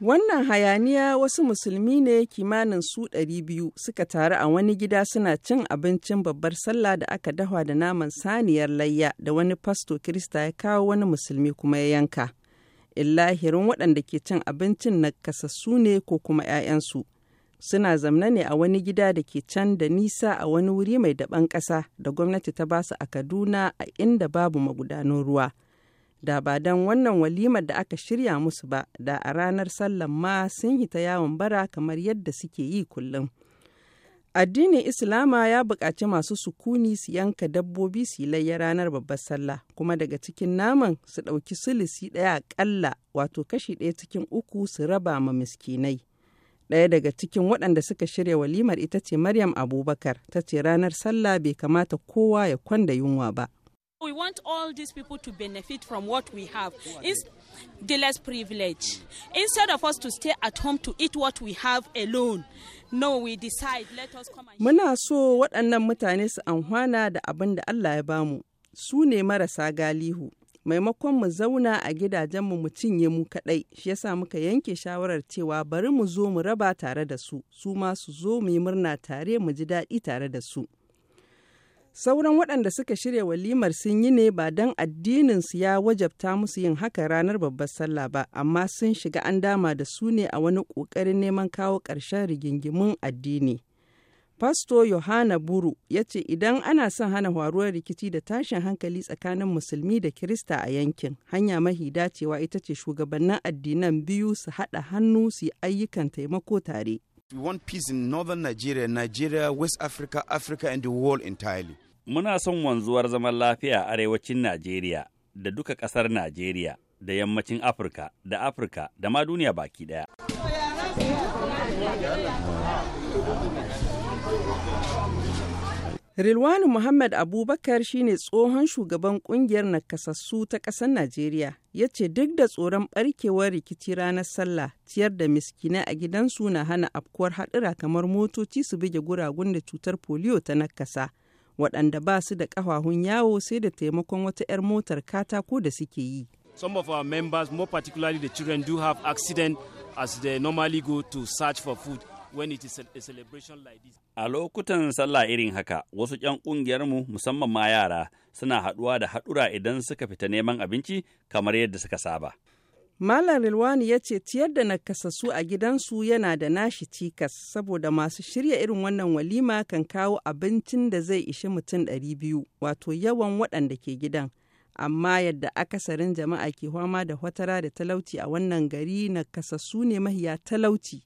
Wannan hayaniya wasu musulmi ne kimanin su ɗari biyu suka taru a wani gida suna cin abincin babbar sallah da aka dafa da naman saniyar layya da wani fasto Kirista ya kawo wani musulmi kuma ya yanka. Illahirin waɗanda ke cin abincin na kasassu ne ko kuma 'ya'yansu. suna zamna ne a wani gida da ke can da nisa a wani wuri mai daban ƙasa da gwamnati ta ba su a Kaduna a inda babu magudanun ruwa. Da ba don wannan walimar da aka shirya musu ba, da a ranar sallan ma sun hita yawon bara kamar yadda suke yi kullum. Addinin Islama ya buƙaci masu sukuni su yanka dabbobi su yi layya ranar babbar sallah kuma daga cikin naman su ɗauki sulisi ɗaya aƙalla wato kashi ɗaya cikin uku su raba ma miskinai. Ɗaya daga cikin waɗanda suka shirya walimar ita ce Maryam Abubakar, ta ce ranar sallah bai kamata kowa ya kwanda yunwa ba. We want all these people to benefit from what we have. It's the less privilege. Instead of us to stay at home to eat what we have alone, no, we decide, let us come and... Muna so waɗannan mutane su anhwana da abin da Allah ya bamu, su ne marasa galihu. maimakon mu zauna a gidajenmu mu cinye mu kaɗai shi yasa muka yanke shawarar cewa bari mu zo mu raba tare da su su ma su zo mu yi murna tare mu ji daɗi tare da su sauran waɗanda suka shirya walimar sun yi ne ba don addininsu ya wajabta musu yin haka ranar babbar sallah ba amma sun shiga an dama da su ne a wani ƙoƙarin neman kawo ƙarshen rigingimun addini Fasto Yohana Buru ya ce idan ana son hana faruwar rikici da tashin hankali tsakanin musulmi da Kirista a yankin, hanya mahi dacewa ita ce shugabannin addinan biyu su haɗa hannu su yi ayyukan taimako tare. We want peace in northern Nigeria, Nigeria, West Africa, Africa and the world entirely. Muna son wanzuwar zaman lafiya a arewacin Najeriya da duka ƙasar Najeriya da yammacin Afirka da Afirka da ma duniya baki ɗaya. Rilwanu Muhammad Abubakar shine tsohon shugaban kungiyar nakasassu ta ƙasar Najeriya ya ce duk da tsoron barkewar rikici ranar sallah ciyar da miskina a gidansu na hana afkuwar haɗura kamar motoci su buge guragun da cutar polio ta nakasa waɗanda ba su da ƙafafun yawo sai da taimakon wata 'yar motar katako da suke yi. Some of our members, more particularly the children, do have accident as they normally go to search for food. when it is a, lokutan sallah irin haka, wasu ‘yan mu musamman ma yara suna haɗuwa da haɗura idan suka fita neman abinci kamar yadda suka saba. Malam Rilwani ya ce ciyar da nakasassu a gidansu yana da nashi cikas saboda masu shirya irin wannan walima kan kawo abincin da zai ishi mutum ɗari biyu wato yawan waɗanda ke gidan. amma yadda akasarin jama'a ke fama da watara da talauci a wannan gari na kasassu ne mahiya talauci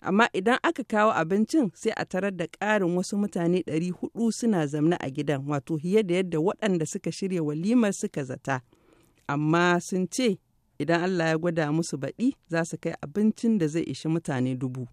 amma idan aka kawo abincin sai a tarar da ƙarin wasu mutane 400 suna zamna a gidan wato fiye da yadda waɗanda suka shirya walimar suka zata amma sun ce idan Allah ya gwada musu baɗi za su kai abincin da zai ishi mutane dubu.